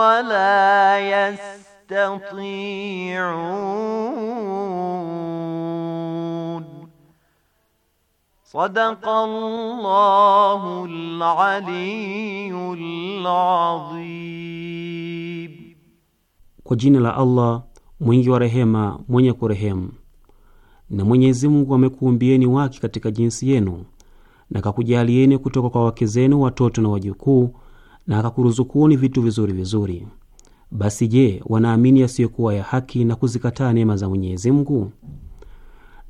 ولا يستطيعون صدق الله العلي العظيم Kwa jina la Allah mwingi wa rehema mwenye kurehemu. Na Mwenyezi Mungu amekuumbieni wake katika jinsi yenu na kakujalieni kutoka kwa wake zenu watoto na wajukuu na akakuruzukuni vitu vizuri vizuri. Basi je, wanaamini yasiyokuwa ya haki na kuzikataa neema za Mwenyezi Mungu?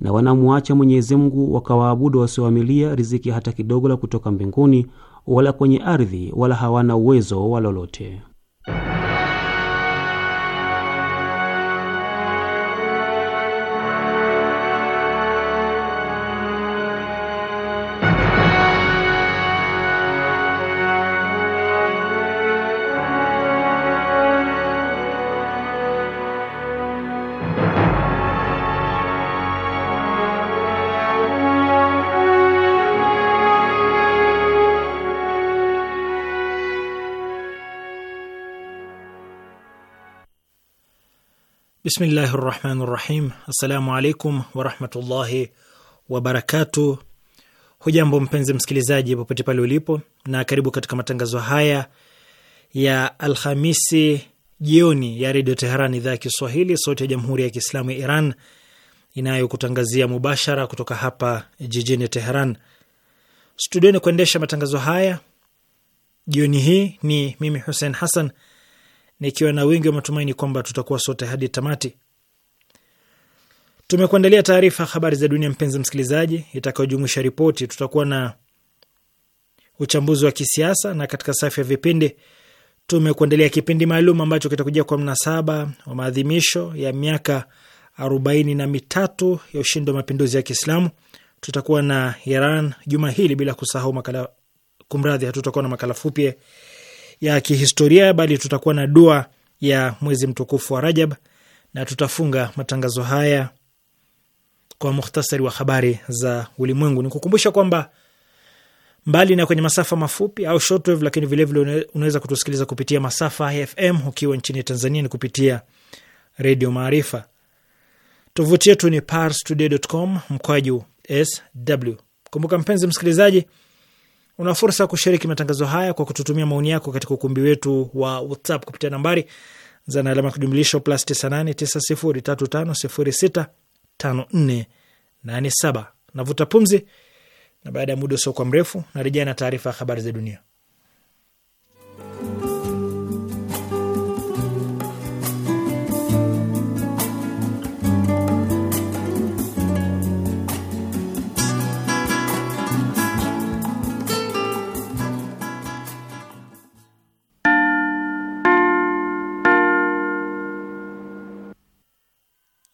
Na wanamwacha Mwenyezi Mungu wakawaabudu wasioamilia riziki hata kidogo la kutoka mbinguni wala kwenye ardhi wala hawana uwezo wa lolote. Bismillahi rahmani rahim. Assalamu alaikum warahmatullahi wabarakatu. Hujambo mpenzi msikilizaji, popote pale ulipo, na karibu katika matangazo haya ya Alhamisi jioni ya Redio Teheran, idhaa ya Kiswahili, sauti ya Jamhuri ya Kiislamu ya Iran inayokutangazia mubashara kutoka hapa jijini Teheran. Studioni kuendesha matangazo haya jioni hii ni mimi Hussein Hassan nikiwa na wingi wa matumaini kwamba tutakuwa sote hadi tamati. Tumekuandalia taarifa habari za dunia, mpenzi msikilizaji, itakayojumuisha ripoti. Tutakuwa na uchambuzi wa kisiasa, na katika safu ya vipindi tumekuandalia kipindi maalum ambacho kitakujia kwa mnasaba wa maadhimisho ya miaka arobaini na mitatu ya ushindi wa mapinduzi ya Kiislamu. Tutakuwa na Iran juma hili, bila kusahau makala kumradhi, hatutakuwa na makala fupi ya kihistoria, bali tutakuwa na dua ya mwezi mtukufu wa Rajab na tutafunga matangazo haya kwa muhtasari wa habari za ulimwengu. Ni kukumbusha kwamba mbali na kwenye masafa mafupi au shortwave, lakini vilevile unaweza kutusikiliza kupitia masafa ya FM ukiwa nchini Tanzania ni kupitia Redio Maarifa. Tovuti yetu ni parstoday.com mkwaju sw. Kumbuka mpenzi msikilizaji Una fursa ya kushiriki matangazo haya kwa kututumia maoni yako katika ukumbi wetu wa WhatsApp kupitia nambari za na alama ya kujumlisho plus 989035065487. Navuta pumzi, na baada ya muda usio kwa mrefu narejea na taarifa ya habari za dunia.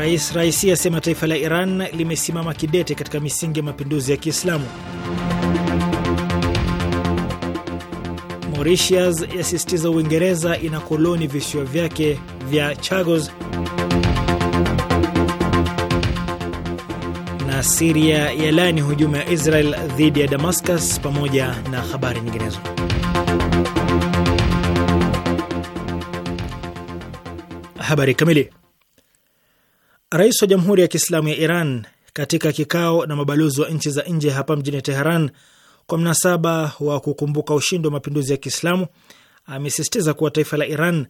Rais Raisi asema taifa la Iran limesimama kidete katika misingi ya mapinduzi ya Kiislamu. Mauritius yasisitiza Uingereza ina koloni visiwa vyake vya Chagos, na Siria yalani hujuma ya Israel dhidi ya Damascus, pamoja na habari nyinginezo. Habari kamili Rais wa Jamhuri ya Kiislamu ya Iran katika kikao na mabalozi wa nchi za nje hapa mjini Teheran kwa mnasaba wa kukumbuka ushindi wa mapinduzi ya Kiislamu amesisitiza kuwa taifa la Iran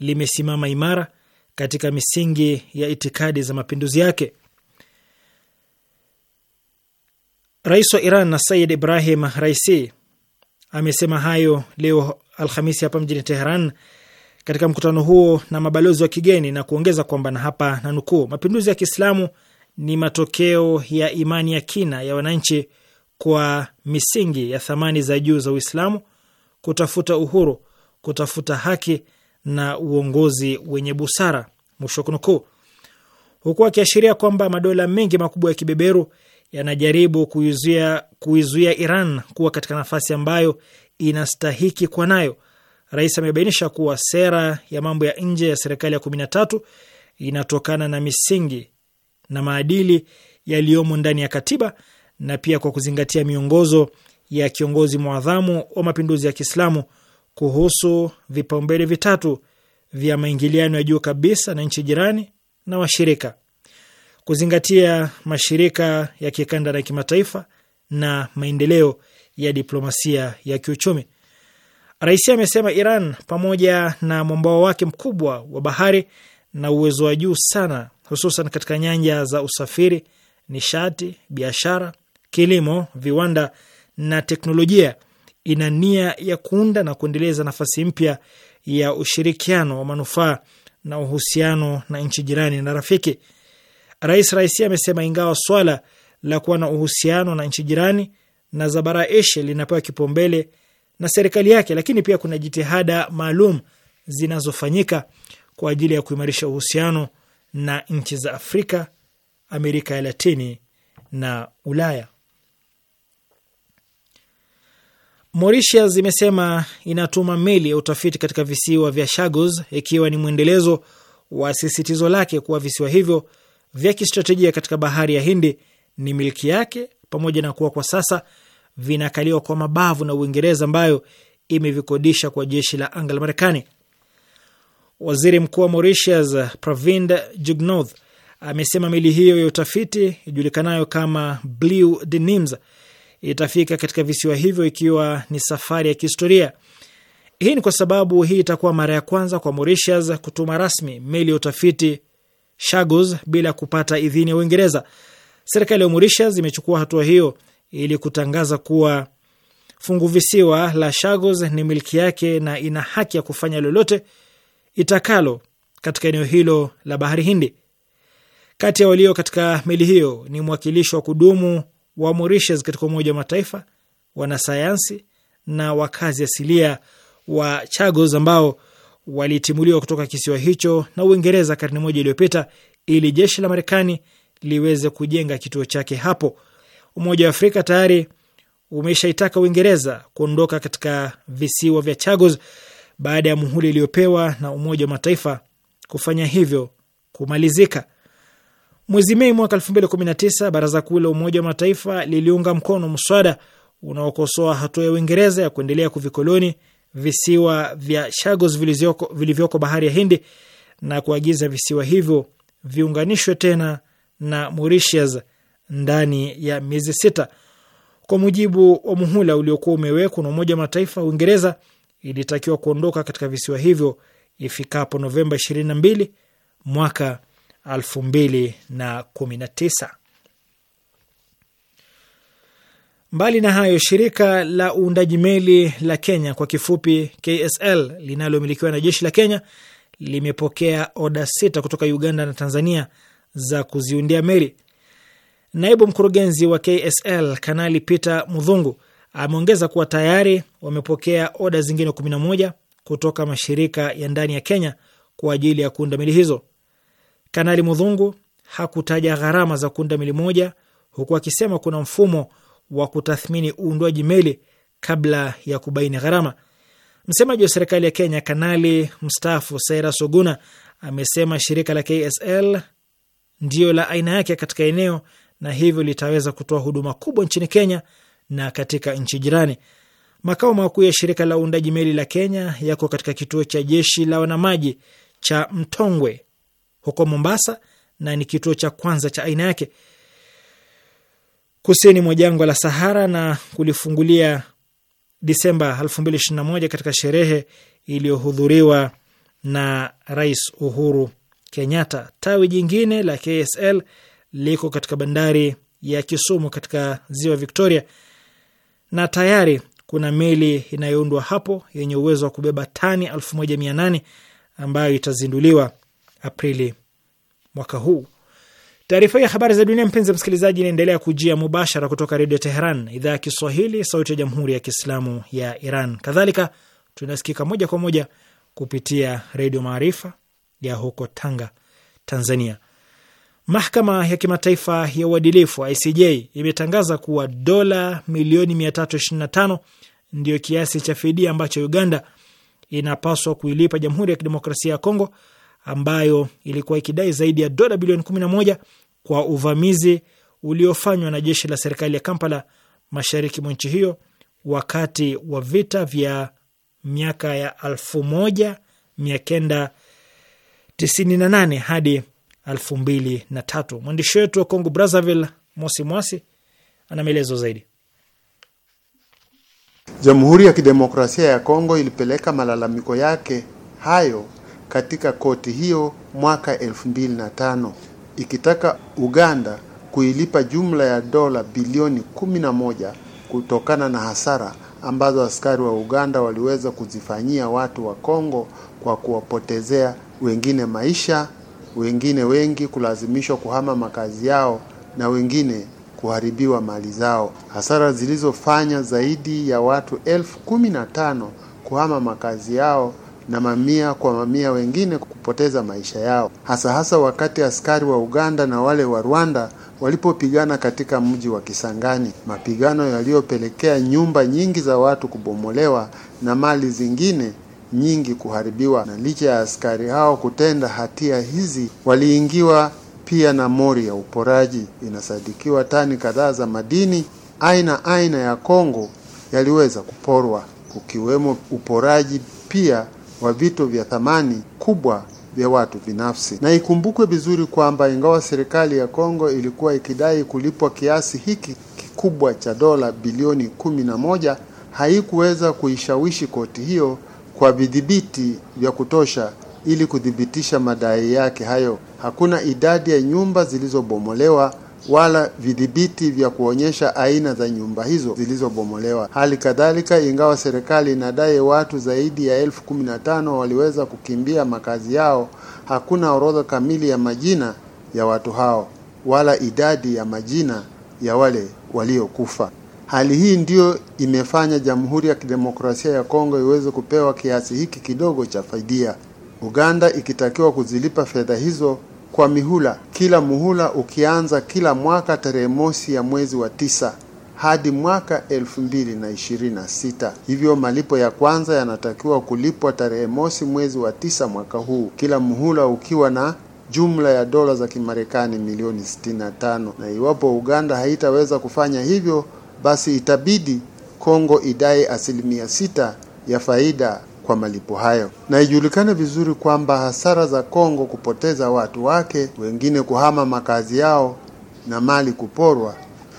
limesimama imara katika misingi ya itikadi za mapinduzi yake. Rais wa Iran na Said Ibrahim Raisi amesema hayo leo Alhamisi hapa mjini Teheran katika mkutano huo na mabalozi wa kigeni na kuongeza kwamba na hapa na nukuu, mapinduzi ya Kiislamu ni matokeo ya imani ya kina ya wananchi kwa misingi ya thamani za juu za Uislamu, kutafuta uhuru, kutafuta haki na uongozi wenye busara, mwisho kunukuu, huku akiashiria kwamba madola mengi makubwa ya kibeberu yanajaribu kuizuia Iran kuwa katika nafasi ambayo inastahiki kwa nayo Rais amebainisha kuwa sera ya mambo ya nje ya serikali ya kumi na tatu inatokana na misingi na maadili yaliyomo ndani ya katiba na pia kwa kuzingatia miongozo ya kiongozi mwadhamu wa mapinduzi ya Kiislamu kuhusu vipaumbele vitatu vya maingiliano ya juu kabisa na nchi jirani na washirika, kuzingatia mashirika ya kikanda na kimataifa na maendeleo ya diplomasia ya kiuchumi. Raisi amesema Iran pamoja na mwambao wake mkubwa wa bahari na uwezo wa juu sana, hususan katika nyanja za usafiri, nishati, biashara, kilimo, viwanda na teknolojia, ina nia ya kuunda na kuendeleza nafasi mpya ya ushirikiano wa manufaa na uhusiano na nchi jirani na rafiki. Rais Raisi amesema ingawa swala la kuwa na uhusiano na nchi jirani na za bara Asia linapewa kipaumbele na serikali yake, lakini pia kuna jitihada maalum zinazofanyika kwa ajili ya kuimarisha uhusiano na nchi za Afrika, Amerika ya Latini na Ulaya. Mauritius imesema inatuma meli ya utafiti katika visiwa vya Chagos ikiwa ni mwendelezo wa sisitizo lake kuwa visiwa hivyo vya kistratejia katika bahari ya Hindi ni milki yake, pamoja na kuwa kwa sasa vinakaliwa kwa mabavu na Uingereza ambayo imevikodisha kwa jeshi la anga la Marekani. Waziri mkuu wa Mauritius Pravind Jugnauth amesema meli hiyo ya utafiti ijulikanayo kama Blue Denims itafika katika visiwa hivyo ikiwa ni safari ya kihistoria. Hii ni kwa sababu hii itakuwa mara ya kwanza kwa Mauritius kutuma rasmi meli ya utafiti Chagos bila kupata idhini ya Uingereza. Serikali ya Mauritius imechukua hatua hiyo ili kutangaza kuwa funguvisiwa la Chagos ni milki yake na ina haki ya kufanya lolote itakalo katika eneo hilo la bahari Hindi. Kati ya walio katika meli hiyo ni mwakilishi wa kudumu wa Mauritius katika Umoja wa Mataifa, wanasayansi na wakazi asilia wa Chagos ambao walitimuliwa kutoka kisiwa hicho na Uingereza karne moja iliyopita ili jeshi la Marekani liweze kujenga kituo chake hapo. Umoja wa Afrika tayari umeshaitaka Uingereza kuondoka katika visiwa vya Chagos baada ya muhuli iliyopewa na Umoja wa Mataifa kufanya hivyo kumalizika. Mwezi Mei mwaka 2019 Baraza Kuu la Umoja wa Mataifa liliunga mkono mswada unaokosoa hatua ya Uingereza ya kuendelea kuvikoloni visiwa vya Chagos vilivyoko bahari ya Hindi na kuagiza visiwa hivyo viunganishwe tena na Mauritius ndani ya miezi sita. Kwa mujibu wa muhula uliokuwa umewekwa na Umoja wa Mataifa, Uingereza ilitakiwa kuondoka katika visiwa hivyo ifikapo Novemba 22 mwaka 2019. Mbali na hayo, shirika la uundaji meli la Kenya kwa kifupi KSL linalomilikiwa na jeshi la Kenya limepokea oda sita kutoka Uganda na Tanzania za kuziundia meli. Naibu mkurugenzi wa KSL Kanali Peter Mudhungu ameongeza kuwa tayari wamepokea oda zingine 11 kutoka mashirika ya ndani ya Kenya kwa ajili ya kuunda meli hizo. Kanali Mudhungu hakutaja gharama za kuunda meli moja, huku akisema kuna mfumo wa kutathmini uundwaji meli kabla ya kubaini gharama. Msemaji wa serikali ya Kenya Kanali mstaafu Saira Soguna amesema shirika la KSL ndiyo la aina yake katika eneo na hivyo litaweza kutoa huduma kubwa nchini Kenya na katika nchi jirani. Makao makuu ya shirika la uundaji meli la Kenya yako katika kituo cha jeshi la wanamaji cha Mtongwe huko Mombasa, na ni kituo cha kwanza cha aina yake kusini mwa jangwa la Sahara na kulifungulia Disemba 2021 katika sherehe iliyohudhuriwa na Rais Uhuru Kenyatta. Tawi jingine la KSL liko katika bandari ya Kisumu katika ziwa Victoria, na tayari kuna meli inayoundwa hapo yenye uwezo wa kubeba tani 1800 ambayo itazinduliwa Aprili mwaka huu. Taarifa ya habari za dunia, mpenzi msikilizaji, inaendelea kujia mubashara kutoka Redio Teheran, idhaa ya Kiswahili, sauti ya jamhuri ya kiislamu ya Iran. Kadhalika tunasikika moja kwa moja kupitia Redio Maarifa ya huko Tanga, Tanzania. Mahakama ya kimataifa ya uadilifu ICJ imetangaza kuwa dola milioni 325 ndiyo kiasi cha fidia ambacho Uganda inapaswa kuilipa Jamhuri ya Kidemokrasia ya Kongo ambayo ilikuwa ikidai zaidi ya dola bilioni 11 kwa uvamizi uliofanywa na jeshi la serikali ya Kampala mashariki mwa nchi hiyo wakati wa vita vya miaka ya 1998 hadi elfu mbili na tatu. Mwandishi wetu wa Kongo Brazzaville, Mosi Mwasi, ana maelezo zaidi. Jamhuri ya Kidemokrasia ya Kongo ilipeleka malalamiko yake hayo katika koti hiyo mwaka elfu ikitaka Uganda kuilipa jumla ya dola bilioni 11 kutokana na hasara ambazo askari wa Uganda waliweza kuzifanyia watu wa Kongo kwa kuwapotezea wengine maisha wengine wengi kulazimishwa kuhama makazi yao na wengine kuharibiwa mali zao, hasara zilizofanya zaidi ya watu elfu kumi na tano kuhama makazi yao na mamia kwa mamia wengine kupoteza maisha yao, hasa hasa wakati askari wa Uganda na wale wa Rwanda walipopigana katika mji wa Kisangani, mapigano yaliyopelekea nyumba nyingi za watu kubomolewa na mali zingine nyingi kuharibiwa, na licha ya askari hao kutenda hatia hizi, waliingiwa pia na mori ya uporaji. Inasadikiwa tani kadhaa za madini aina aina ya Kongo yaliweza kuporwa, ukiwemo uporaji pia wa vitu vya thamani kubwa vya watu binafsi. Na ikumbukwe vizuri kwamba ingawa serikali ya Kongo ilikuwa ikidai kulipwa kiasi hiki kikubwa cha dola bilioni kumi na moja haikuweza kuishawishi koti hiyo kwa vidhibiti vya kutosha ili kuthibitisha madai yake hayo. Hakuna idadi ya nyumba zilizobomolewa wala vidhibiti vya kuonyesha aina za nyumba hizo zilizobomolewa. Hali kadhalika, ingawa serikali inadai watu zaidi ya elfu kumi na tano waliweza kukimbia makazi yao, hakuna orodha kamili ya majina ya watu hao wala idadi ya majina ya wale waliokufa. Hali hii ndiyo imefanya Jamhuri ya Kidemokrasia ya Kongo iweze kupewa kiasi hiki kidogo cha fidia, Uganda ikitakiwa kuzilipa fedha hizo kwa mihula, kila muhula ukianza kila mwaka tarehe mosi ya mwezi wa tisa hadi mwaka elfu mbili na sita. Hivyo malipo ya kwanza yanatakiwa kulipwa tarehe mosi mwezi wa tisa mwaka huu, kila muhula ukiwa na jumla ya dola za Kimarekani milioni 65, na iwapo Uganda haitaweza kufanya hivyo basi itabidi Kongo idai asilimia sita ya faida kwa malipo hayo. Na ijulikane vizuri kwamba hasara za Kongo kupoteza watu wake, wengine kuhama makazi yao na mali kuporwa,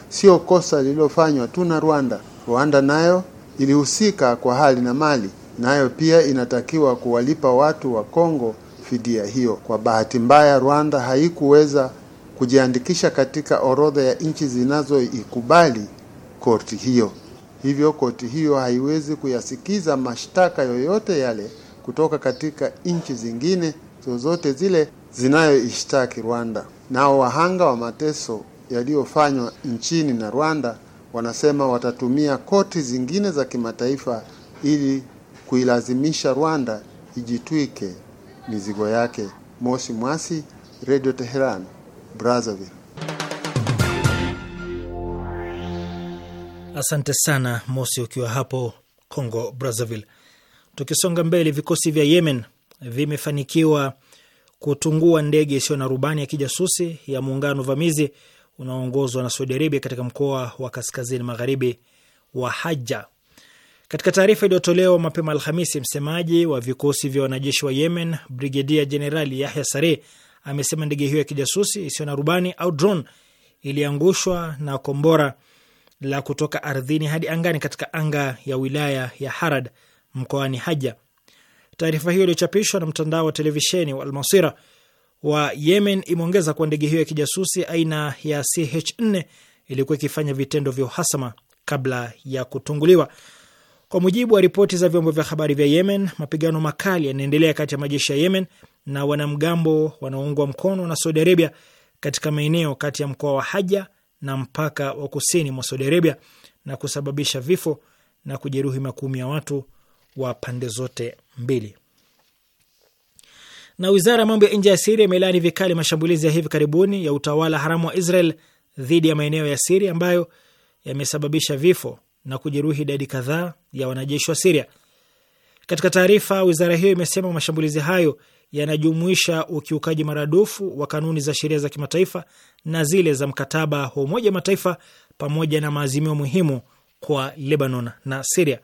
sio kosa lililofanywa tu na Rwanda. Rwanda nayo ilihusika kwa hali na mali, nayo pia inatakiwa kuwalipa watu wa Kongo fidia hiyo. Kwa bahati mbaya, Rwanda haikuweza kujiandikisha katika orodha ya nchi zinazoikubali koti hiyo. Hivyo koti hiyo haiwezi kuyasikiza mashtaka yoyote yale kutoka katika nchi zingine zozote zile zinayoishtaki Rwanda. Nao wahanga wa mateso yaliyofanywa nchini na Rwanda wanasema watatumia koti zingine za kimataifa ili kuilazimisha Rwanda ijitwike mizigo yake. Mosi Mwasi, Radio Tehran, Brazzaville. Asante sana Mosi, ukiwa hapo Congo Brazzaville. Tukisonga mbele, vikosi vya Yemen vimefanikiwa kutungua ndege isiyo na rubani ya kijasusi ya muungano vamizi unaoongozwa na Saudi Arabia katika mkoa wa kaskazini magharibi wa Haja. Katika taarifa iliyotolewa mapema Alhamisi, msemaji wa vikosi vya wanajeshi wa Yemen, Brigedia Jenerali Yahya Sare, amesema ndege hiyo ya kijasusi isiyo na rubani au drone iliangushwa na kombora la kutoka ardhini hadi angani katika anga ya wilaya ya Harad mkoani Haja. Taarifa hiyo iliyochapishwa na mtandao wa televisheni wa Almasira wa Yemen imeongeza kuwa ndege hiyo ya kijasusi aina ya CH4 ilikuwa ikifanya vitendo vya uhasama kabla ya kutunguliwa. Kwa mujibu wa ripoti za vyombo vya habari vya Yemen, mapigano makali yanaendelea kati ya majeshi ya Yemen na wanamgambo wanaoungwa mkono na Saudi Arabia katika maeneo kati ya mkoa wa Haja na mpaka wa kusini mwa Saudi Arabia na kusababisha vifo na kujeruhi makumi ya watu wa pande zote mbili. Na wizara ya mambo ya nje ya Siria imelaani vikali mashambulizi ya hivi karibuni ya utawala haramu wa Israel dhidi ya maeneo ya Siria ambayo yamesababisha vifo na kujeruhi idadi kadhaa ya wanajeshi wa Siria. Katika taarifa, wizara hiyo imesema mashambulizi hayo yanajumuisha ukiukaji maradufu wa kanuni za sheria za kimataifa na zile za mkataba wa Umoja wa Mataifa pamoja na maazimio muhimu kwa Lebanon na Siria.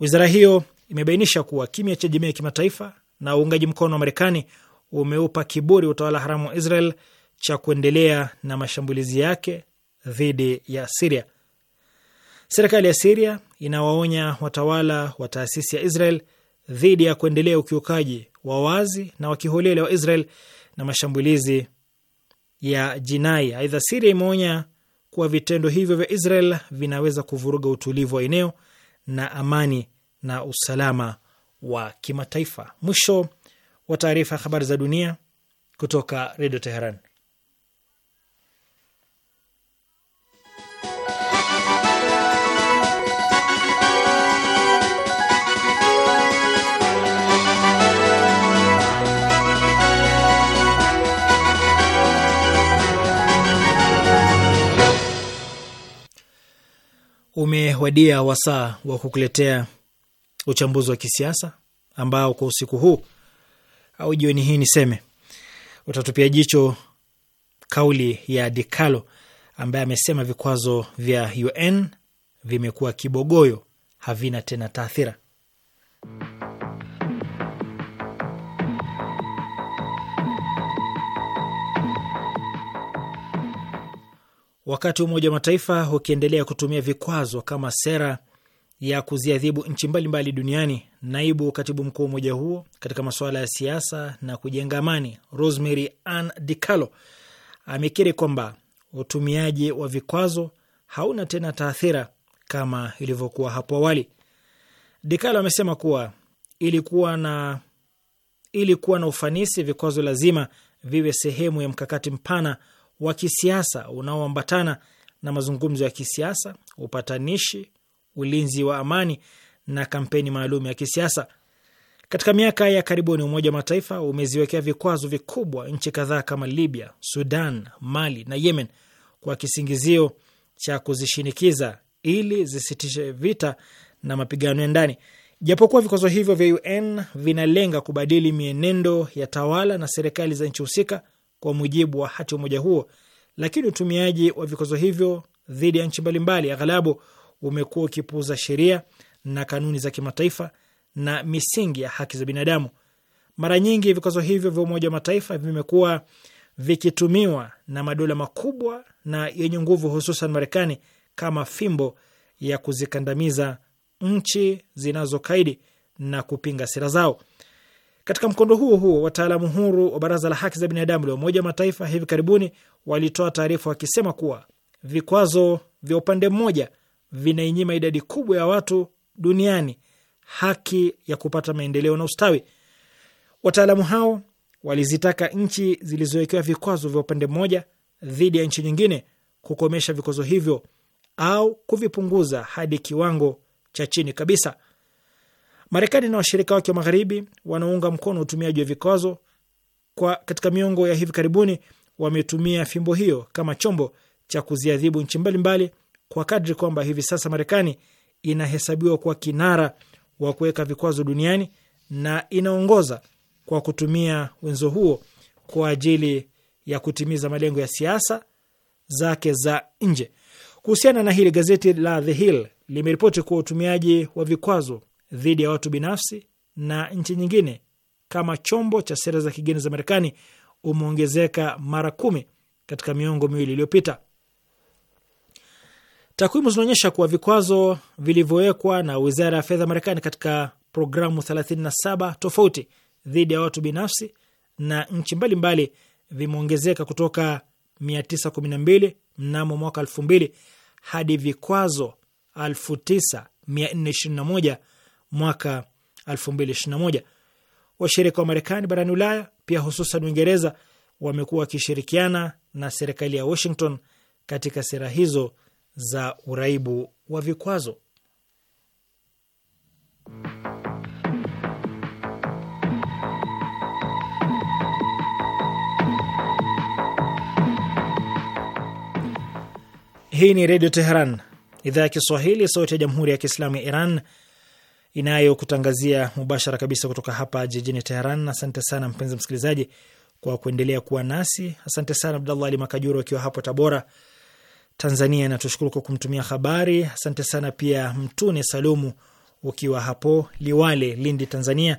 Wizara hiyo imebainisha kuwa kimya cha jamii ya kimataifa na uungaji mkono wa Marekani umeupa kiburi utawala haramu wa Israel cha kuendelea na mashambulizi yake dhidi ya Siria. Serikali ya Siria inawaonya watawala wa taasisi ya Israel dhidi ya kuendelea ukiukaji wa wazi na wakiholele wa Israel na mashambulizi ya jinai. Aidha, Siria imeonya kuwa vitendo hivyo vya Israel vinaweza kuvuruga utulivu wa eneo na amani na usalama wa kimataifa. Mwisho wa taarifa ya habari za dunia kutoka Redio Teheran. umewadia wasaa wa kukuletea uchambuzi wa kisiasa ambao kwa usiku huu au jioni hii niseme utatupia jicho kauli ya Dikalo ambaye amesema vikwazo vya UN vimekuwa kibogoyo, havina tena taathira. wakati Umoja wa Mataifa ukiendelea kutumia vikwazo kama sera ya kuziadhibu nchi mbalimbali duniani, naibu katibu mkuu wa umoja huo katika masuala ya siasa na kujenga amani, Rosemary Ann DiCarlo amekiri kwamba utumiaji wa vikwazo hauna tena taathira kama ilivyokuwa hapo awali. DiCarlo amesema kuwa ilikuwa na ili kuwa na ufanisi, vikwazo lazima viwe sehemu ya mkakati mpana wa kisiasa unaoambatana na mazungumzo ya kisiasa, upatanishi, ulinzi wa amani na kampeni maalum ya kisiasa. Katika miaka ya karibuni, Umoja wa Mataifa umeziwekea vikwazo vikubwa nchi kadhaa kama Libya, Sudan, Mali na Yemen kwa kisingizio cha kuzishinikiza ili zisitishe vita na mapigano ya ndani. Japokuwa vikwazo hivyo vya UN vinalenga kubadili mienendo ya tawala na serikali za nchi husika, kwa mujibu wa hati umoja huo, lakini utumiaji wa vikwazo hivyo dhidi ya nchi mbalimbali aghalabu umekuwa ukipuuza sheria na kanuni za kimataifa na misingi ya haki za binadamu. Mara nyingi vikwazo hivyo vya Umoja wa Mataifa vimekuwa vikitumiwa na madola makubwa na yenye nguvu, hususan Marekani, kama fimbo ya kuzikandamiza nchi zinazokaidi na kupinga sera zao. Katika mkondo huo huo, wataalamu huru wa baraza la haki za binadamu la Umoja wa Mataifa hivi karibuni walitoa taarifa wakisema kuwa vikwazo vya upande mmoja vinainyima idadi kubwa ya watu duniani haki ya kupata maendeleo na ustawi. Wataalamu hao walizitaka nchi zilizowekewa vikwazo vya upande mmoja dhidi ya nchi nyingine kukomesha vikwazo hivyo au kuvipunguza hadi kiwango cha chini kabisa. Marekani na washirika wake wa magharibi wanaunga mkono utumiaji wa vikwazo kwa katika miongo ya hivi karibuni wametumia fimbo hiyo kama chombo cha kuziadhibu nchi mbalimbali kwa kadri kwamba hivi sasa Marekani inahesabiwa kuwa kinara wa kuweka vikwazo duniani na inaongoza kwa kutumia wenzo huo kwa ajili ya kutimiza malengo ya siasa zake za nje. Kuhusiana na hili, gazeti la The Hill limeripoti kuwa utumiaji wa vikwazo dhidi ya watu binafsi na nchi nyingine kama chombo cha sera za kigeni za Marekani umeongezeka mara kumi katika miongo miwili iliyopita. Takwimu zinaonyesha kuwa vikwazo vilivyowekwa na wizara ya fedha Marekani katika programu 37 tofauti dhidi ya watu binafsi na nchi mbalimbali vimeongezeka kutoka 912 mnamo mwaka 2000 hadi vikwazo 9421 mwaka 2021. Washirika wa Marekani barani Ulaya pia hususan Uingereza wamekuwa wakishirikiana na serikali ya Washington katika sera hizo za uraibu wa vikwazo. Hii ni Redio Teheran, idhaa ya Kiswahili, sauti ya Jamhuri ya Kiislamu ya Iran inayokutangazia mubashara kabisa kutoka hapa jijini Teheran. Asante sana mpenzi msikilizaji kwa kuendelea kuwa nasi. Asante sana Abdallah Ali Makajuru akiwa hapo Tabora, Tanzania, natushukuru kwa kumtumia habari. Asante sana pia Mtune Salumu ukiwa hapo Liwale, Lindi, Tanzania,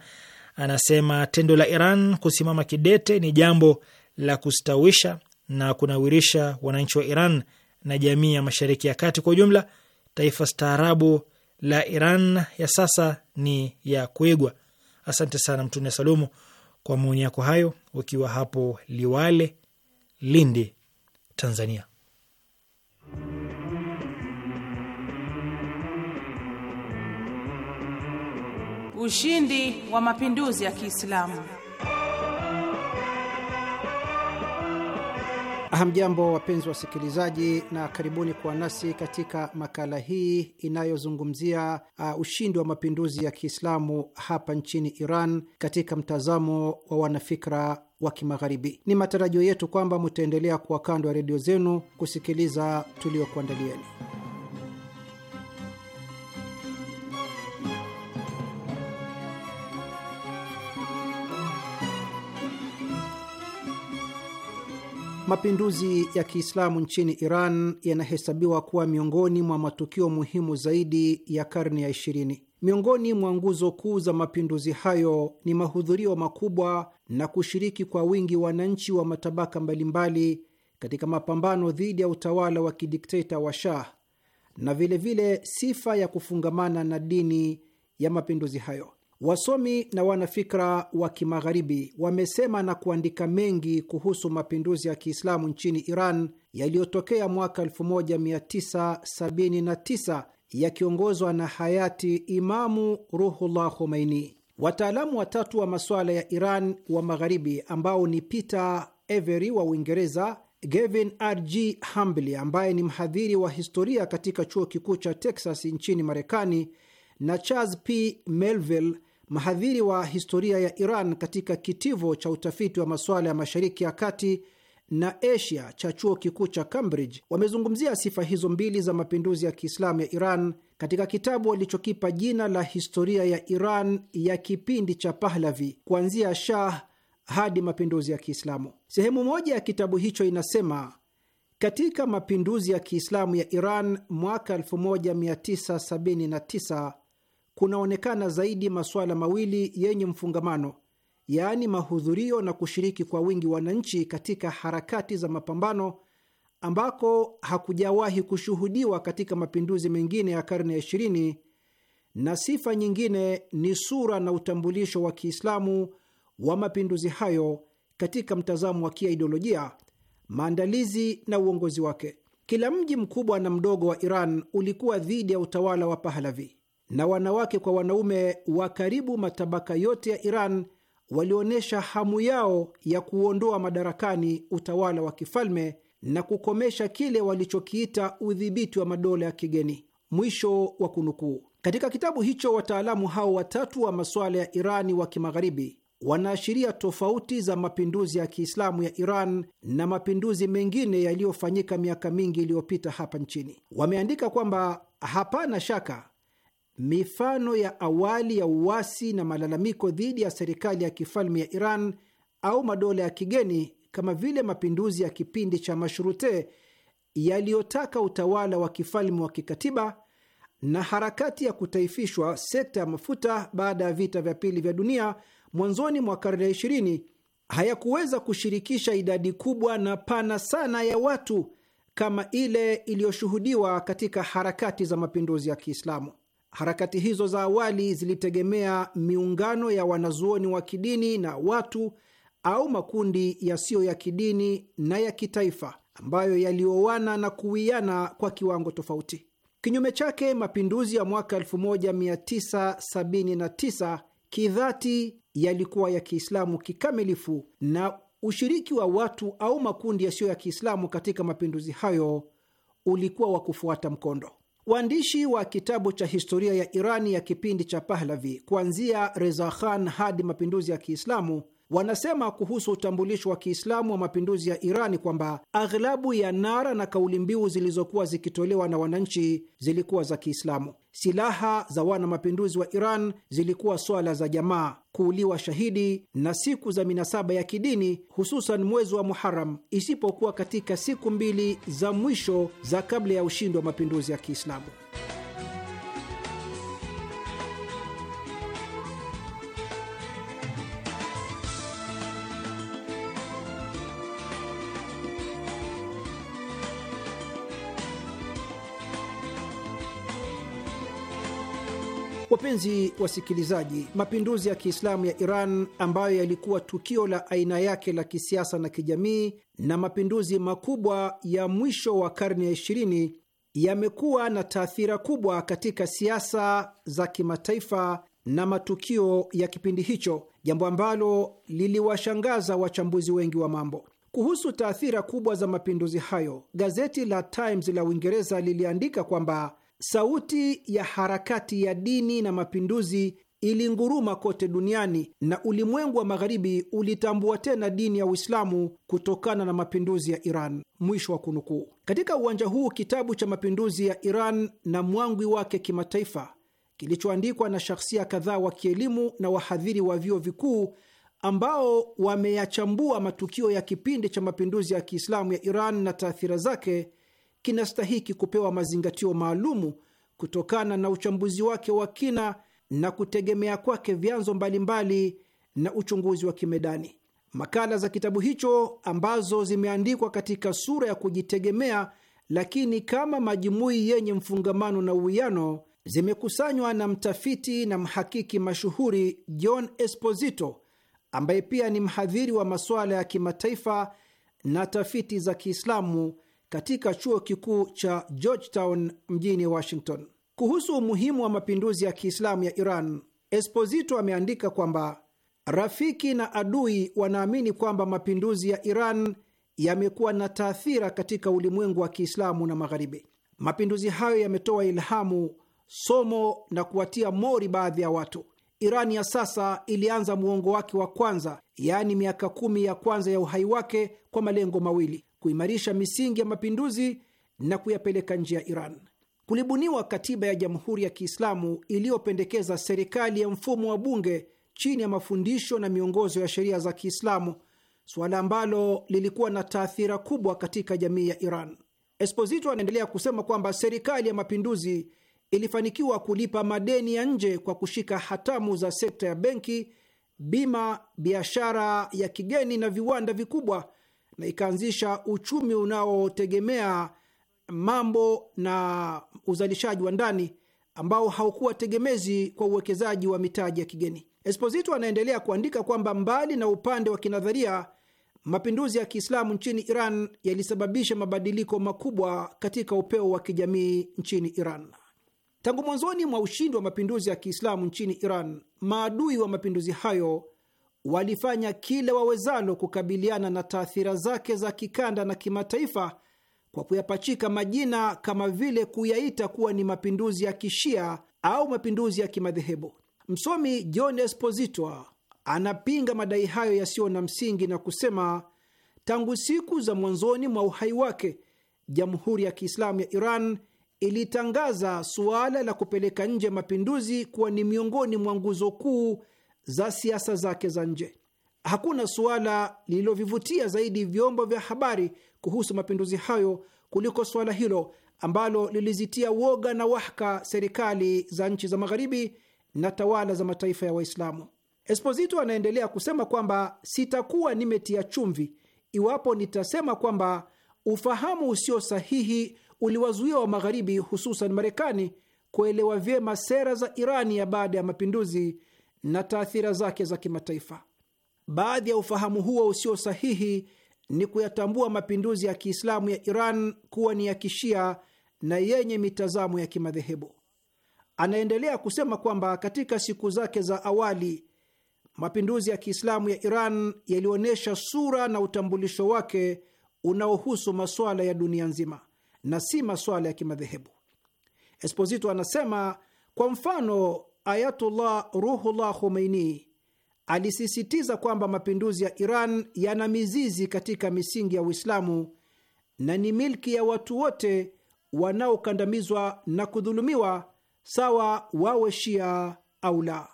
anasema tendo la Iran kusimama kidete ni jambo la kustawisha na kunawirisha wananchi wa Iran na jamii ya Mashariki ya Kati kwa ujumla, taifa staarabu la Iran ya sasa ni ya kuigwa. Asante sana Mtune Salumu kwa maoni yako hayo, ukiwa hapo Liwale, Lindi, Tanzania. Ushindi wa mapinduzi ya Kiislamu. Hamjambo, wapenzi wasikilizaji, na karibuni kuwa nasi katika makala hii inayozungumzia uh, ushindi wa mapinduzi ya Kiislamu hapa nchini Iran katika mtazamo wa wanafikra wa Kimagharibi. Ni matarajio yetu kwamba mutaendelea kuwa kando ya redio zenu kusikiliza tuliokuandalieni. Mapinduzi ya Kiislamu nchini Iran yanahesabiwa kuwa miongoni mwa matukio muhimu zaidi ya karne ya ishirini. Miongoni mwa nguzo kuu za mapinduzi hayo ni mahudhurio makubwa na kushiriki kwa wingi wananchi wa matabaka mbalimbali katika mapambano dhidi ya utawala wa kidikteta wa Shah na vilevile vile sifa ya kufungamana na dini ya mapinduzi hayo. Wasomi na wanafikra wa kimagharibi wamesema na kuandika mengi kuhusu mapinduzi ya Kiislamu nchini Iran yaliyotokea mwaka 1979 yakiongozwa na hayati Imamu Ruhullah Khomeini. Wataalamu watatu wa masuala ya Iran wa magharibi ambao ni Peter Avery wa Uingereza, Gavin R.G. Hambly ambaye ni mhadhiri wa historia katika chuo kikuu cha Texas nchini Marekani na Charles P. Melville mhadhiri wa historia ya Iran katika kitivo cha utafiti wa masuala ya Mashariki ya Kati na Asia cha chuo kikuu cha Cambridge wamezungumzia sifa hizo mbili za mapinduzi ya Kiislamu ya Iran katika kitabu walichokipa jina la Historia ya Iran ya kipindi cha Pahlavi kuanzia Shah hadi mapinduzi ya Kiislamu. Sehemu moja ya kitabu hicho inasema, katika mapinduzi ya Kiislamu ya Iran mwaka 1979 kunaonekana zaidi masuala mawili yenye mfungamano, yaani mahudhurio na kushiriki kwa wingi wananchi katika harakati za mapambano ambako hakujawahi kushuhudiwa katika mapinduzi mengine ya karne ya ishirini, na sifa nyingine ni sura na utambulisho wa Kiislamu wa mapinduzi hayo katika mtazamo wa kiaidolojia, maandalizi na uongozi wake. Kila mji mkubwa na mdogo wa Iran ulikuwa dhidi ya utawala wa Pahlavi na wanawake kwa wanaume wa karibu matabaka yote ya Iran walionyesha hamu yao ya kuondoa madarakani utawala wa kifalme na kukomesha kile walichokiita udhibiti wa madola ya kigeni. Mwisho wa kunukuu. Katika kitabu hicho, wataalamu hao watatu wa masuala ya Irani wa kimagharibi wanaashiria tofauti za mapinduzi ya Kiislamu ya Iran na mapinduzi mengine yaliyofanyika miaka mingi iliyopita hapa nchini. Wameandika kwamba hapana shaka mifano ya awali ya uasi na malalamiko dhidi ya serikali ya kifalme ya Iran au madola ya kigeni kama vile mapinduzi ya kipindi cha Mashrute yaliyotaka utawala wa kifalme wa kikatiba na harakati ya kutaifishwa sekta ya mafuta baada ya vita vya pili vya dunia mwanzoni mwa karne ya 20 hayakuweza kushirikisha idadi kubwa na pana sana ya watu kama ile iliyoshuhudiwa katika harakati za mapinduzi ya Kiislamu. Harakati hizo za awali zilitegemea miungano ya wanazuoni wa kidini na watu au makundi yasiyo ya kidini na ya kitaifa ambayo yalioana na kuwiana kwa kiwango tofauti. Kinyume chake, mapinduzi ya mwaka 1979 kidhati yalikuwa ya Kiislamu kikamilifu na ushiriki wa watu au makundi yasiyo ya Kiislamu katika mapinduzi hayo ulikuwa wa kufuata mkondo. Waandishi wa kitabu cha historia ya Irani ya kipindi cha Pahlavi kuanzia Reza Khan hadi mapinduzi ya Kiislamu wanasema kuhusu utambulisho wa Kiislamu wa mapinduzi ya Irani kwamba aghlabu ya nara na kauli mbiu zilizokuwa zikitolewa na wananchi zilikuwa za Kiislamu. Silaha za wana mapinduzi wa Iran zilikuwa swala za jamaa, kuuliwa shahidi na siku za minasaba ya kidini, hususan mwezi wa Muharam, isipokuwa katika siku mbili za mwisho za kabla ya ushindi wa mapinduzi ya Kiislamu. Wapenzi wasikilizaji, mapinduzi ya Kiislamu ya Iran ambayo yalikuwa tukio la aina yake la kisiasa na kijamii na mapinduzi makubwa ya mwisho wa karne ya 20 yamekuwa na taathira kubwa katika siasa za kimataifa na matukio ya kipindi hicho, jambo ambalo liliwashangaza wachambuzi wengi wa mambo. Kuhusu taathira kubwa za mapinduzi hayo, gazeti la Times la Uingereza liliandika kwamba sauti ya harakati ya dini na mapinduzi ilinguruma kote duniani na ulimwengu wa magharibi ulitambua tena dini ya Uislamu kutokana na mapinduzi ya Iran. Mwisho wa kunukuu. Katika uwanja huu kitabu cha mapinduzi ya Iran na mwangwi wake kimataifa kilichoandikwa na shakhsia kadhaa wa kielimu na wahadhiri wa vyuo vikuu ambao wameyachambua matukio ya kipindi cha mapinduzi ya Kiislamu ya Iran na taathira zake kinastahiki kupewa mazingatio maalumu kutokana na uchambuzi wake wa kina na kutegemea kwake vyanzo mbalimbali na uchunguzi wa kimedani. Makala za kitabu hicho ambazo zimeandikwa katika sura ya kujitegemea, lakini kama majumui yenye mfungamano na uwiano, zimekusanywa na mtafiti na mhakiki mashuhuri John Esposito ambaye pia ni mhadhiri wa masuala ya kimataifa na tafiti za Kiislamu katika chuo kikuu cha Georgetown mjini Washington. Kuhusu umuhimu wa mapinduzi ya Kiislamu ya Iran, Esposito ameandika kwamba rafiki na adui wanaamini kwamba mapinduzi ya Iran yamekuwa na taathira katika ulimwengu wa Kiislamu na Magharibi. Mapinduzi hayo yametoa ilhamu, somo na kuwatia mori baadhi ya watu. iran ya sasa ilianza muongo wake wa kwanza, yaani miaka kumi ya kwanza ya uhai wake kwa malengo mawili: kuimarisha misingi ya mapinduzi na kuyapeleka nje ya Iran. Kulibuniwa katiba ya Jamhuri ya Kiislamu iliyopendekeza serikali ya mfumo wa bunge chini ya mafundisho na miongozo ya sheria za Kiislamu, suala ambalo lilikuwa na taathira kubwa katika jamii ya Iran. Esposito anaendelea kusema kwamba serikali ya mapinduzi ilifanikiwa kulipa madeni ya nje kwa kushika hatamu za sekta ya benki, bima, biashara ya kigeni na viwanda vikubwa na ikaanzisha uchumi unaotegemea mambo na uzalishaji wa ndani ambao haukuwa tegemezi kwa uwekezaji wa mitaji ya kigeni. Esposito anaendelea kuandika kwamba mbali na upande wa kinadharia, mapinduzi ya Kiislamu nchini Iran yalisababisha mabadiliko makubwa katika upeo wa kijamii nchini Iran. Tangu mwanzoni mwa ushindi wa mapinduzi ya Kiislamu nchini Iran, maadui wa mapinduzi hayo walifanya kila wawezalo kukabiliana na taathira zake za kikanda na kimataifa kwa kuyapachika majina kama vile kuyaita kuwa ni mapinduzi ya kishia au mapinduzi ya kimadhehebu. Msomi John Esposito anapinga madai hayo yasiyo na msingi na kusema, tangu siku za mwanzoni mwa uhai wake, Jamhuri ya Kiislamu ya Iran ilitangaza suala la kupeleka nje mapinduzi kuwa ni miongoni mwa nguzo kuu za siasa zake za nje. Hakuna suala lililovivutia zaidi vyombo vya habari kuhusu mapinduzi hayo kuliko suala hilo ambalo lilizitia woga na wahka serikali za nchi za Magharibi na tawala za mataifa ya Waislamu. Esposito anaendelea kusema kwamba sitakuwa nimetia chumvi iwapo nitasema kwamba ufahamu usio sahihi uliwazuia wa Magharibi, hususan Marekani, kuelewa vyema sera za Irani ya baada ya mapinduzi na taathira zake za kimataifa. Baadhi ya ufahamu huo usio sahihi ni kuyatambua mapinduzi ya Kiislamu ya Iran kuwa ni ya kishia na yenye mitazamo ya kimadhehebu. Anaendelea kusema kwamba katika siku zake za awali mapinduzi ya Kiislamu ya Iran yalionyesha sura na utambulisho wake unaohusu masuala ya dunia nzima na si masuala ya kimadhehebu. Esposito anasema, kwa mfano Ayatullah Ruhullah Khomeini alisisitiza kwamba mapinduzi ya Iran yana mizizi katika misingi ya Uislamu na ni milki ya watu wote wanaokandamizwa na kudhulumiwa, sawa wawe Shia au la.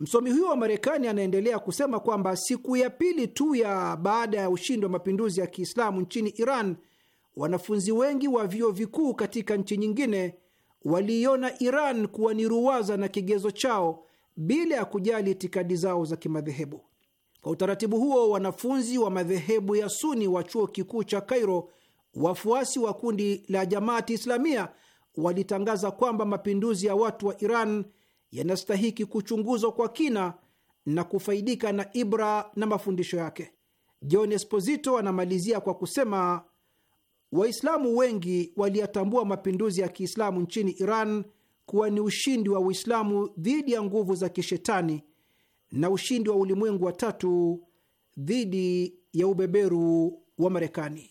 Msomi huyo wa Marekani anaendelea kusema kwamba siku ya pili tu ya baada ya ushindi wa mapinduzi ya Kiislamu nchini Iran, wanafunzi wengi wa vyuo vikuu katika nchi nyingine waliiona Iran kuwa ni ruwaza na kigezo chao bila ya kujali itikadi zao za kimadhehebu. Kwa utaratibu huo, wanafunzi wa madhehebu ya Suni wa chuo kikuu cha Kairo, wafuasi wa kundi la Jamaati Islamia, walitangaza kwamba mapinduzi ya watu wa Iran yanastahiki kuchunguzwa kwa kina na kufaidika na ibra na mafundisho yake. John Esposito anamalizia kwa kusema Waislamu wengi waliyatambua mapinduzi ya Kiislamu nchini Iran kuwa ni ushindi wa Uislamu dhidi ya nguvu za kishetani na ushindi wa ulimwengu wa tatu dhidi ya ubeberu wa Marekani.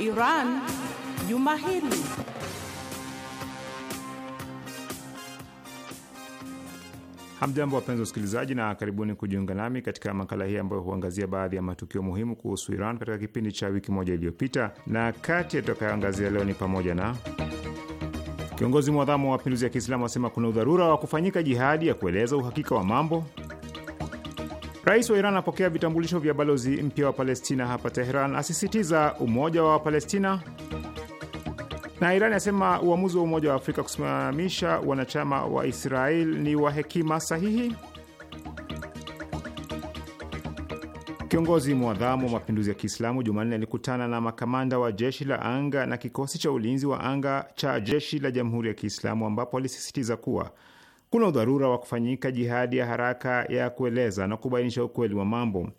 Iran juma hili. Hamjambo, wapenzi wasikilizaji, na karibuni kujiunga nami katika makala hii ambayo huangazia baadhi ya matukio muhimu kuhusu Iran katika kipindi cha wiki moja iliyopita, na kati ya tutakayoangazia leo ni pamoja na kiongozi mwadhamu wa mapinduzi ya Kiislamu asema kuna udharura wa kufanyika jihadi ya kueleza uhakika wa mambo Rais wa Iran apokea vitambulisho vya balozi mpya wa Palestina hapa Teheran, asisitiza umoja wa Palestina na Iran asema uamuzi wa Umoja wa Afrika kusimamisha wanachama wa Israel ni wa hekima sahihi. Kiongozi mwadhamu wa mapinduzi ya Kiislamu Jumanne alikutana na makamanda wa jeshi la anga na kikosi cha ulinzi wa anga cha jeshi la Jamhuri ya Kiislamu ambapo alisisitiza kuwa kuna udharura wa kufanyika jihadi ya haraka ya kueleza na kubainisha ukweli wa mambo.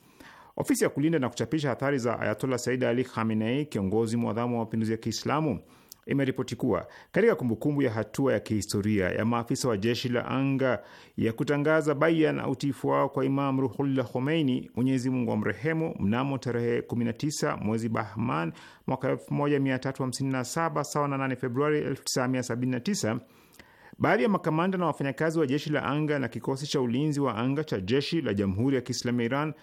Ofisi ya kulinda na kuchapisha hathari za Ayatollah Said Ali Khamenei, kiongozi mwadhamu wa mapinduzi ya Kiislamu, imeripoti kuwa katika kumbukumbu ya hatua ya kihistoria ya maafisa wa jeshi la anga ya kutangaza baia na utiifu wao kwa Imam Ruhullah Khomeini, Mwenyezi Mungu wa mrehemu, mnamo tarehe 19 mwezi Bahman mwaka 1357 sawa na 8 Februari 1979 Baadhi ya makamanda na wafanyakazi wa jeshi la anga na kikosi cha ulinzi wa anga cha jeshi la Jamhuri ya Kiislamu ya Iran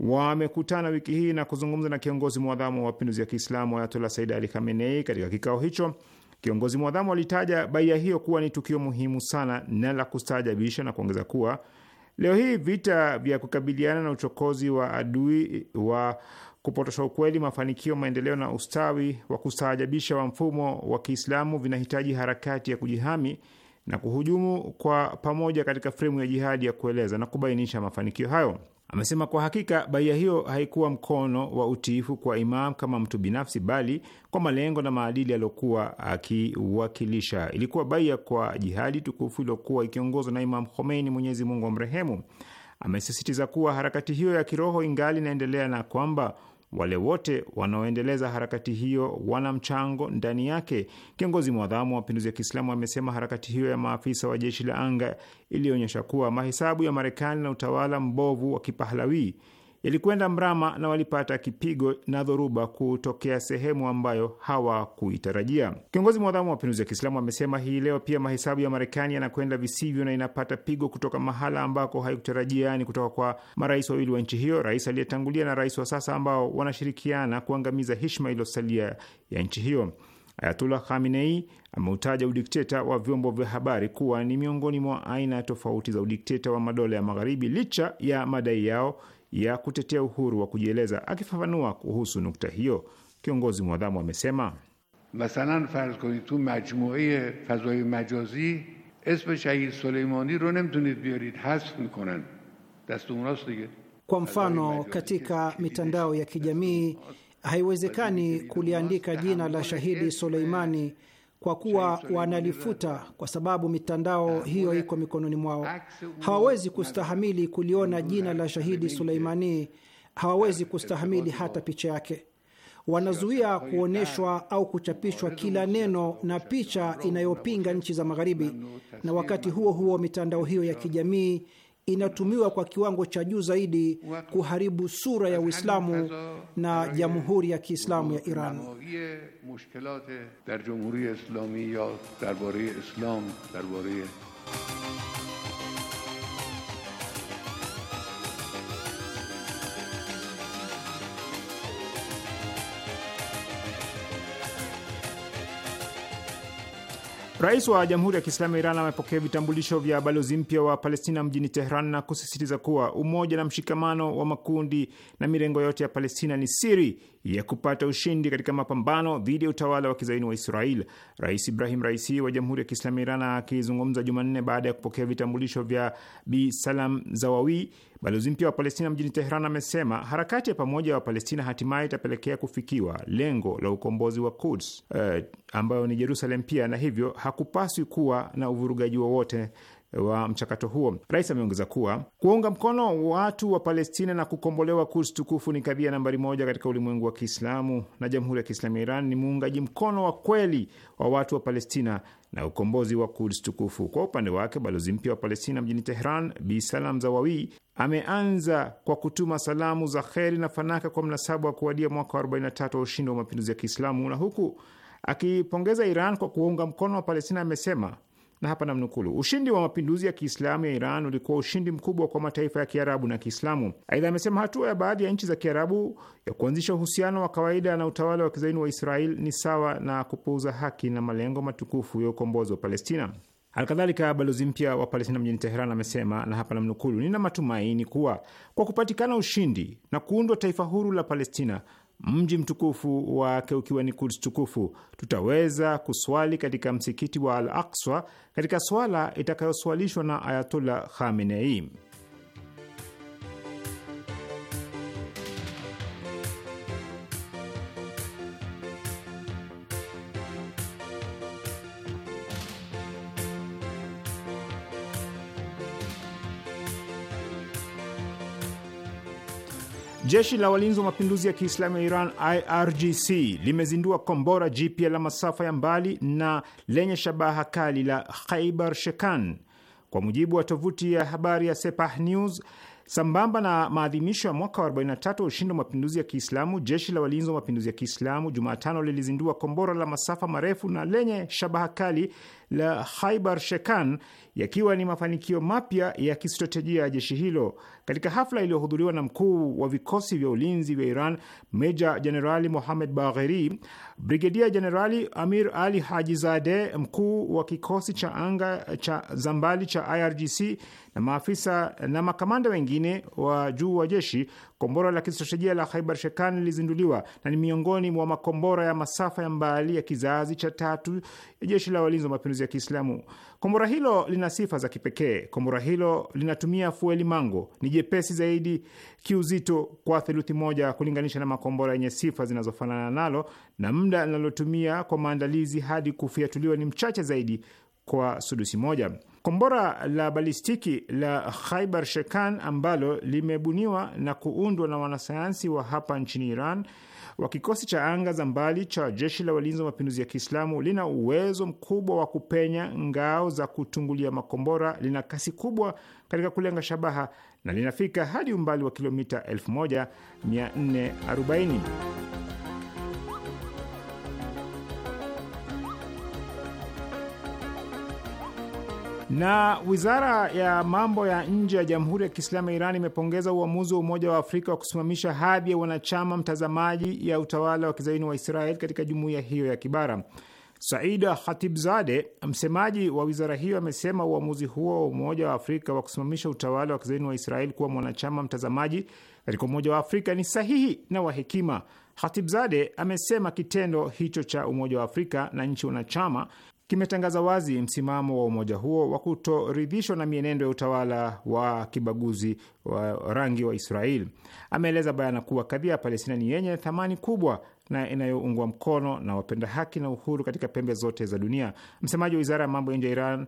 wamekutana wiki hii na kuzungumza na kiongozi mwadhamu wa mapinduzi ya Kiislamu Ayatollah Said Ali Khamenei. Katika kikao hicho, kiongozi mwadhamu alitaja baia hiyo kuwa ni tukio muhimu sana na la kustaajabisha na kuongeza kuwa leo hii vita vya kukabiliana na uchokozi wa adui wa kupotosha ukweli, mafanikio, maendeleo na ustawi wa kustaajabisha wa mfumo wa Kiislamu vinahitaji harakati ya kujihami na kuhujumu kwa pamoja katika fremu ya jihadi ya kueleza na kubainisha mafanikio hayo. Amesema kwa hakika baia hiyo haikuwa mkono wa utiifu kwa Imam kama mtu binafsi, bali kwa malengo na maadili aliyokuwa akiwakilisha. Ilikuwa baia kwa jihadi tukufu iliyokuwa ikiongozwa na Imam Khomeini, Mwenyezi Mungu amrehemu. Amesisitiza kuwa harakati hiyo ya kiroho ingali inaendelea na kwamba wale wote wanaoendeleza harakati hiyo wana mchango ndani yake. Kiongozi mwadhamu wa mapinduzi ya Kiislamu amesema harakati hiyo ya maafisa wa jeshi la anga ilionyesha kuwa mahesabu ya Marekani na utawala mbovu wa kipahlawii yalikwenda mrama na walipata kipigo na dhoruba kutokea sehemu ambayo hawakuitarajia. Kiongozi mwadhamu wa mapinduzi ya Kiislamu amesema hii leo pia mahesabu ya Marekani yanakwenda visivyo na inapata pigo kutoka mahala ambako haikutarajia, yaani kutoka kwa marais wawili wa nchi hiyo, rais aliyetangulia na rais wa sasa, ambao wanashirikiana kuangamiza heshima iliyosalia ya nchi hiyo. Ayatullah Khamenei ameutaja udikteta wa vyombo vya habari kuwa ni miongoni mwa aina tofauti za udikteta wa madola ya Magharibi licha ya madai yao ya kutetea uhuru wa kujieleza. Akifafanua kuhusu nukta hiyo, kiongozi mwadhamu amesema masalan farz konid tu majazi shahid suleimani ro nemtunid hasf mikonan dige kwa mfano katika mitandao ya kijamii haiwezekani kuliandika jina la shahidi Suleimani kwa kuwa wanalifuta, kwa sababu mitandao hiyo iko mikononi mwao. Hawawezi kustahamili kuliona jina la shahidi Suleimani, hawawezi kustahamili hata picha yake. Wanazuia kuonyeshwa au kuchapishwa kila neno na picha inayopinga nchi za Magharibi, na wakati huo huo mitandao hiyo ya kijamii inatumiwa kwa kiwango cha juu zaidi kuharibu sura ya Uislamu na Jamhuri ya Kiislamu ya Iran. Rais wa Jamhuri ya Kiislamu ya Iran amepokea vitambulisho vya balozi mpya wa Palestina mjini Tehran na kusisitiza kuwa umoja na mshikamano wa makundi na mirengo yote ya Palestina ni siri ya kupata ushindi katika mapambano dhidi ya utawala wa kizaini wa Israel. Rais Ibrahim Raisi wa Jamhuri ya Kiislamu ya Iran akizungumza Jumanne baada ya kupokea vitambulisho vya Bi Salam Zawawi, balozi mpya wa Palestina mjini Teheran, amesema harakati ya pamoja ya wapalestina hatimaye itapelekea kufikiwa lengo la ukombozi wa Kuds, uh, eh, ambayo ni Jerusalem pia, na hivyo hakupaswi kuwa na uvurugaji wowote wa mchakato huo. Rais ameongeza kuwa kuunga mkono watu wa Palestina na kukombolewa Quds tukufu ni kadhia nambari moja katika ulimwengu wa Kiislamu, na Jamhuri ya Kiislamu ya Iran ni muungaji mkono wa kweli wa watu wa Palestina na ukombozi wa kurs tukufu. Kwa upande wake, balozi mpya wa Palestina mjini Tehran Bi Salam Zawawi ameanza kwa kutuma salamu za kheri na fanaka kwa mnasaba wa kuwadia mwaka wa 43 wa ushindi wa mapinduzi ya Kiislamu, na huku akipongeza Iran kwa kuunga mkono wa Palestina amesema na hapa namnukulu: ushindi wa mapinduzi ya Kiislamu ya Iran ulikuwa ushindi mkubwa kwa mataifa ya Kiarabu na Kiislamu. Aidha amesema hatua ya baadhi ya nchi za Kiarabu ya kuanzisha uhusiano wa kawaida na utawala wa kizaini wa Israel ni sawa na kupuuza haki na malengo matukufu ya ukombozi wa Palestina. alkadhalika balozi mpya wa Palestina mjini Teheran amesema na hapa namnukulu, nina matumaini kuwa kwa kupatikana ushindi na kuundwa taifa huru la Palestina mji mtukufu wake ukiwa ni Kuds tukufu. Tutaweza kuswali katika msikiti wa Al Akswa katika swala itakayoswalishwa na Ayatollah Khamenei. Jeshi la walinzi wa mapinduzi ya Kiislamu ya Iran IRGC limezindua kombora jipya la masafa ya mbali na lenye shabaha kali la Khaibar Shekan. Kwa mujibu wa tovuti ya habari ya Sepah News, sambamba na maadhimisho ya mwaka wa 43 wa ushindi wa mapinduzi ya Kiislamu, jeshi la walinzi wa mapinduzi ya Kiislamu Jumatano lilizindua kombora la masafa marefu na lenye shabaha kali la Khaibar Shekan, yakiwa ni mafanikio mapya ya kistratejia ya jeshi hilo. Katika hafla iliyohudhuriwa na mkuu wa vikosi vya ulinzi vya Iran, meja jenerali Mohamed Bagheri, brigedia jenerali Amir Ali Haji Zade, mkuu wa kikosi cha anga cha Zambali cha IRGC na maafisa na makamanda wengine wa juu wa jeshi, kombora la kistratejia la Khaibar Shekan lilizinduliwa na ni miongoni mwa makombora ya masafa ya mbali ya kizazi cha tatu ya jeshi la walinzi wa mapinduzi ya Kiislamu. Kombora hilo lina sifa za kipekee. Kombora hilo linatumia fueli mango, ni jepesi zaidi kiuzito kwa theluthi moja kulinganisha na makombora yenye sifa zinazofanana nalo, na muda linalotumia kwa maandalizi hadi kufiatuliwa ni mchache zaidi kwa sudusi moja. Kombora la balistiki la Khaibar Shekan ambalo limebuniwa na kuundwa na wanasayansi wa hapa nchini Iran wa kikosi cha anga za mbali cha jeshi la walinzi wa mapinduzi ya Kiislamu lina uwezo mkubwa wa kupenya ngao za kutungulia makombora, lina kasi kubwa katika kulenga shabaha na linafika hadi umbali wa kilomita 1440. Na wizara ya mambo ya nje ya Jamhuri ya Kiislamu ya Iran imepongeza uamuzi wa Umoja wa Afrika wa kusimamisha hadhi ya wanachama mtazamaji ya utawala wa kizaini wa Israel katika jumuiya hiyo ya kibara. Saida Khatibzade, msemaji wa wizara hiyo, amesema uamuzi huo wa Umoja wa Afrika wa kusimamisha utawala wa kizaini wa Israel kuwa mwanachama mtazamaji katika Umoja wa Afrika ni sahihi na wa hekima. Khatibzade amesema kitendo hicho cha Umoja wa Afrika na nchi wanachama kimetangaza wazi msimamo wa umoja huo wa kutoridhishwa na mienendo ya utawala wa kibaguzi wa rangi wa israel Ameeleza bayana kuwa kadhia ya Palestina ni yenye thamani kubwa na inayoungwa mkono na wapenda haki na uhuru katika pembe zote za dunia. Msemaji wa wizara ya mambo ya nje ya Iran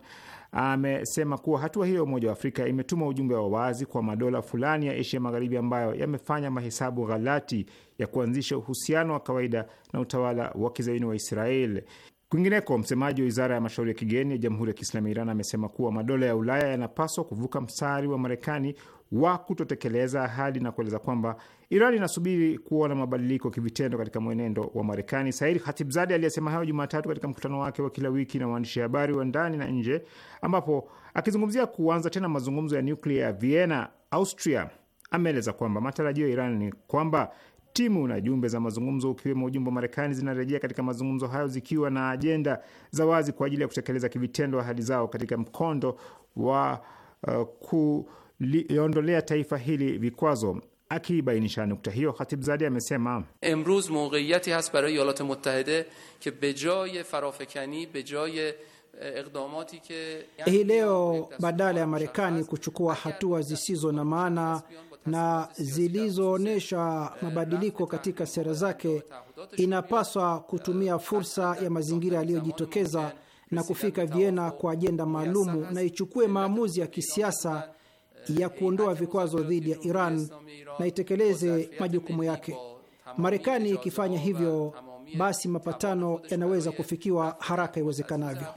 amesema kuwa hatua hiyo ya Umoja wa Afrika imetuma ujumbe wa wazi kwa madola fulani ya Asia Magharibi ambayo yamefanya mahesabu ghalati ya kuanzisha uhusiano wa kawaida na utawala wa kizaini wa israel Kwingineko, msemaji wa wizara ya mashauri ya kigeni ya Jamhuri ya Kiislamu ya Iran amesema kuwa madola ya Ulaya yanapaswa kuvuka mstari wa Marekani wa kutotekeleza ahadi na kueleza kwamba Iran inasubiri kuona mabadiliko kivitendo katika mwenendo wa Marekani. Said Khatibzadi aliyesema hayo Jumatatu katika mkutano wake wa kila wiki na waandishi habari wa ndani na nje, ambapo akizungumzia kuanza tena mazungumzo ya nyuklia ya Vienna, Austria, ameeleza kwamba matarajio ya Iran ni kwamba timu na jumbe za mazungumzo ukiwemo ujumbe wa Marekani zinarejea katika mazungumzo hayo zikiwa na ajenda za wazi kwa ajili ya kutekeleza kivitendo ahadi zao katika mkondo wa uh, kuliondolea taifa hili vikwazo. Akibainisha nukta hiyo, Khatibzadi amesema emruz mogeiyati hast baraye yalat mutahide ke bejaye farafekani bejaye eh, hii leo badala ya Marekani kuchukua hatua zisizo na maana na zilizoonyesha mabadiliko katika sera zake, inapaswa kutumia fursa ya mazingira yaliyojitokeza na kufika Vienna kwa ajenda maalumu na ichukue maamuzi ya kisiasa ya kuondoa vikwazo dhidi ya Iran na itekeleze majukumu yake. Marekani ikifanya hivyo, basi mapatano yanaweza kufikiwa haraka iwezekanavyo.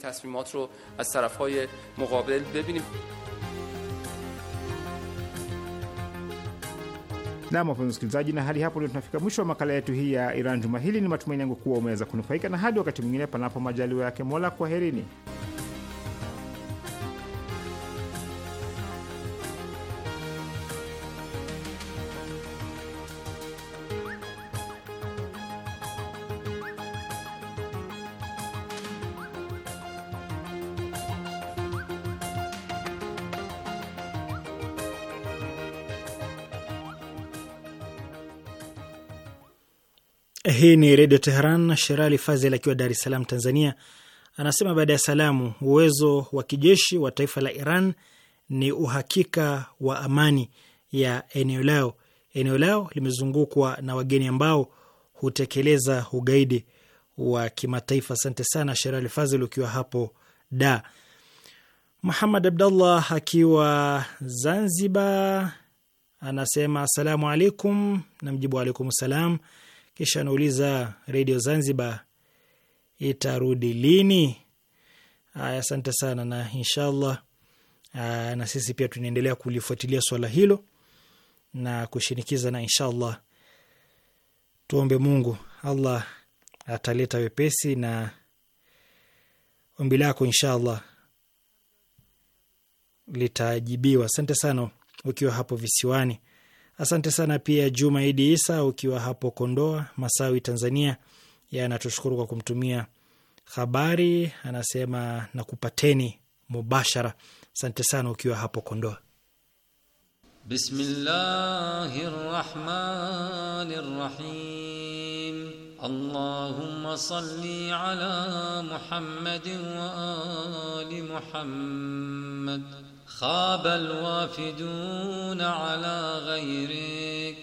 Na wapenzi msikilizaji, na hadi hapo ndio tunafika mwisho wa makala yetu hii ya Iran juma hili. Ni matumaini yangu kuwa umeweza kunufaika, na hadi wakati mwingine, panapo majaliwa yake Mola, kwaherini. Hii ni Redio Teheran. Sherali Fazel akiwa Dar es Salaam, Tanzania, anasema baada ya salamu, uwezo wa kijeshi wa taifa la Iran ni uhakika wa amani ya eneo lao. Eneo lao limezungukwa na wageni ambao hutekeleza ugaidi wa kimataifa. Asante sana Sherali Fazel ukiwa hapo Da. Muhamad Abdallah akiwa Zanzibar anasema asalamu alaikum, mjibu alaikum salam. Kisha anauliza redio Zanzibar itarudi lini? Aya, asante sana, na inshallah na sisi pia tunaendelea kulifuatilia swala hilo na kushinikiza, na inshallah tuombe Mungu Allah ataleta wepesi, na ombi lako inshallah litajibiwa. Asante sana ukiwa hapo visiwani Asante sana pia Juma Idi Isa ukiwa hapo Kondoa Masawi, Tanzania, anatushukuru kwa kumtumia habari, anasema nakupateni mubashara. Asante sana ukiwa hapo Kondoa. Bismillahir Rahmanir Rahim. Allahumma salli ala Muhammadin wa ali Muhammad خاب الوافدون على غيرك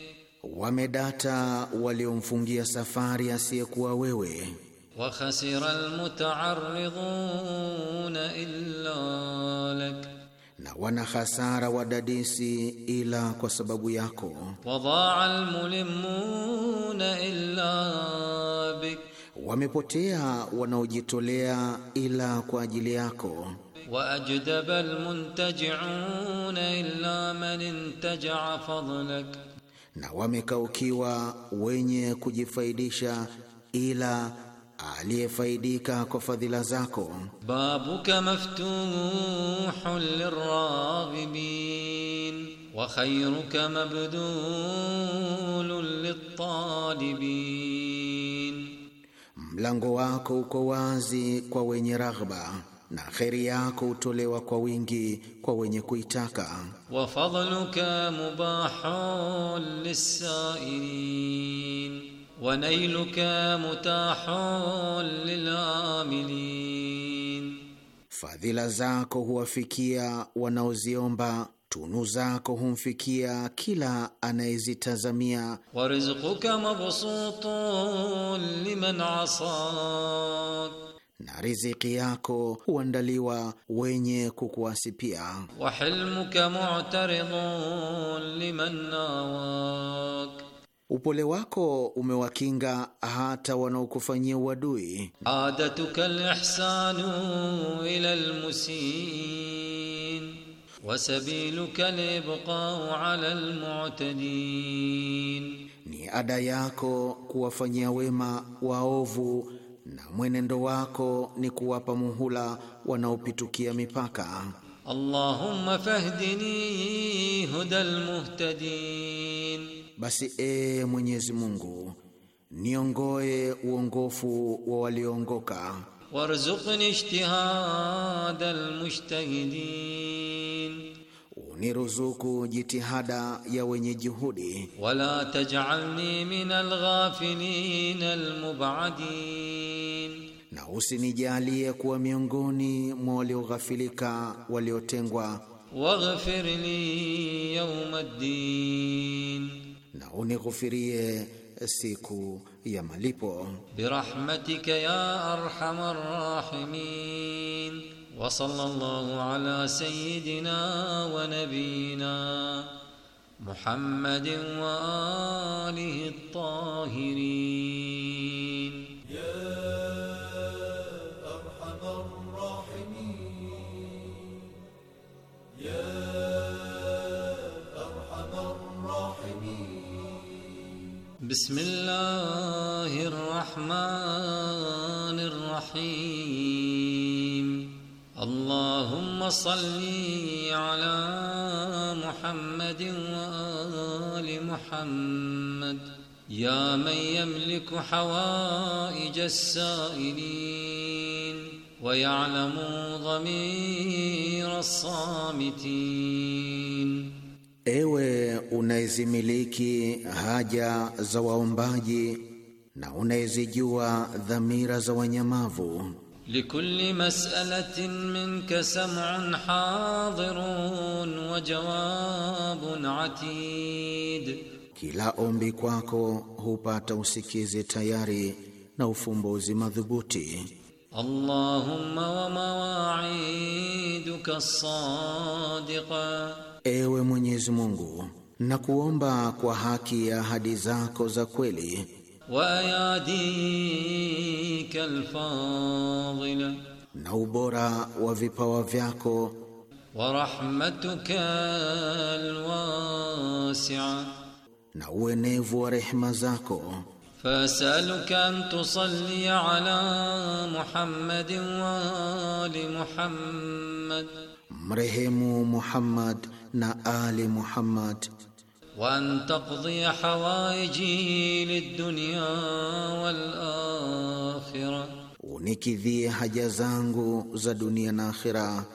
wamedata waliomfungia safari asiyekuwa wewe. Wa khasira almuta'arriduna illa na wana hasara wadadisi ila kwa sababu yako. Wadaa almulimuna illa bik, wamepotea wanaojitolea ila kwa ajili yako. وأجدب almuntajiun illa man intaja fadlak, na wamekaukiwa wenye kujifaidisha ila aliyefaidika kwa fadhila zako. babuka maftuhun liraghibin wa khayruka mabdulun litalibin, mlango wako uko wazi kwa wenye raghba na kheri yako hutolewa kwa wingi kwa wenye kuitaka. wa fadluka mubahun lisailin wa nailuka mutahun lilamilin, fadhila zako huwafikia wanaoziomba tunu zako humfikia kila anayezitazamia. wa rizquka mabsutun liman asad na riziki yako huandaliwa wenye kukuasipia. wa hilmuka mu'taridun liman nawak, upole wako umewakinga hata wanaokufanyia uadui. adatuka alihsanu ila almusin wasabiluka libqa'u ala almu'tadin, ni ada yako kuwafanyia wema waovu na mwenendo wako ni kuwapa muhula wanaopitukia mipaka. Allahumma fahdini hudal muhtadin, basi ee Mwenyezi Mungu niongoe uongofu wa walioongoka. Warzuqni ijtihadal mujtahidin uniruzuku jitihada ya wenye juhudi. Wala taj'alni min alghafilin almub'adin, na usinijalie kuwa miongoni mwa walioghafilika waliotengwa. Waghfir li yawma ddin, na unighufirie siku ya malipo. Birahmatika ya arhamar rahimin وصلى الله على سيدنا ونبينا محمد وآله وصل على محمد وآل محمد يا من يملك حوائج السائلين ويعلم ضمير الصامتين Ewe unayezimiliki haja za waombaji na unayezijua dhamira za wanyamavu لكل مسألة منك سمع حاضر وجواب عتيد kila ombi kwako hupata usikizi tayari na ufumbuzi madhubuti Allahumma wa mawaiduka sadiqa Ewe Mwenyezi Mungu nakuomba kwa haki ya ahadi zako za kweli واياديك الفاضله نوبرا وفي فياكو ورحمتك الواسعه نوينيفو رحمه زاكو فاسالك ان تصلي على محمد وال محمد مرهم محمد نا ال محمد وأن تقضي حوائجي للدنيا والآخرة unikidhie haja zangu za dunia na akhira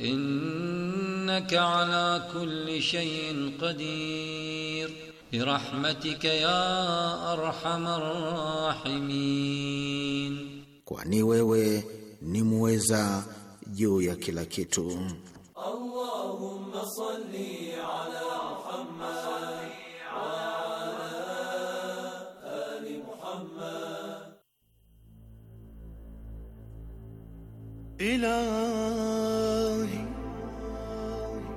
innaka ala kulli shay'in qadir birahmatika ya arhamar rahimin kwani wewe ni muweza juu ya kila kitu Allahumma salli إلهي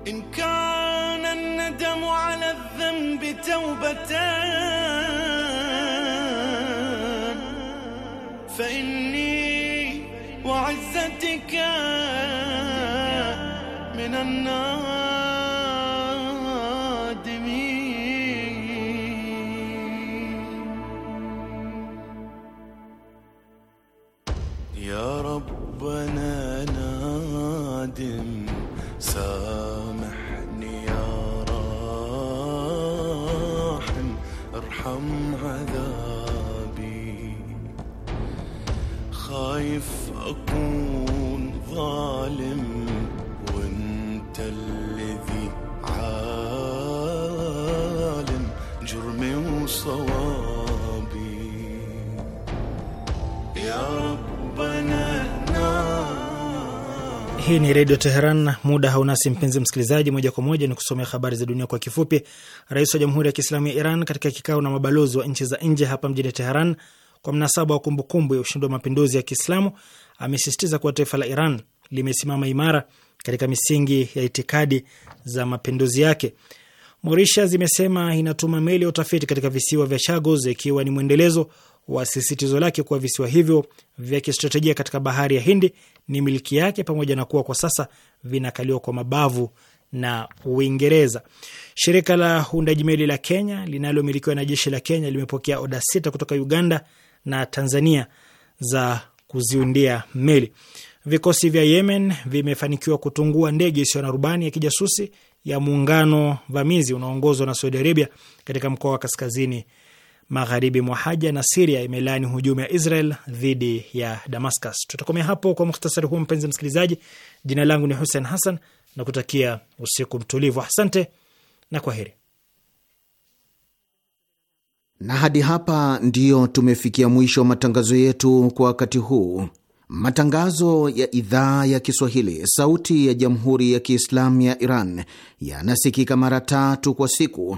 إن كان الندم على الذنب توبتان فإني وعزتك من النار Hii ni Redio Teheran. Muda haunasi mpenzi msikilizaji, moja kwa moja ni kusomea habari za dunia kwa kifupi. Rais wa Jamhuri ya Kiislamu ya Iran katika kikao na mabalozi wa nchi za nje hapa mjini Teheran kwa mnasaba wa kumbukumbu ya ushindi wa mapinduzi ya Kiislamu amesisitiza kuwa taifa la Iran limesimama imara katika misingi ya itikadi za mapinduzi yake. Morisha zimesema inatuma meli ya utafiti katika visiwa vya Chagos ikiwa ni mwendelezo wa sisitizo lake kuwa visiwa hivyo vya kistratejia katika bahari ya Hindi ni miliki yake pamoja na kuwa kwa sasa vinakaliwa kwa mabavu na Uingereza. Shirika la uundaji meli la Kenya linalomilikiwa na jeshi la Kenya limepokea oda sita kutoka Uganda na Tanzania za kuziundia meli. Vikosi vya Yemen vimefanikiwa kutungua ndege isiyo na rubani ya kijasusi ya muungano vamizi unaoongozwa na Saudi Arabia katika mkoa wa kaskazini magharibi mwa haja na Siria imelaani hujuma ya Israel dhidi ya Damascus. Tutakomea hapo kwa muhtasari huu, mpenzi msikilizaji. Jina langu ni Hussein Hassan na kutakia usiku mtulivu. Asante na kwa heri Na hadi hapa ndiyo tumefikia mwisho wa matangazo yetu kwa wakati huu. Matangazo ya idhaa ya Kiswahili sauti ya jamhuri ya Kiislamu ya Iran yanasikika mara tatu kwa siku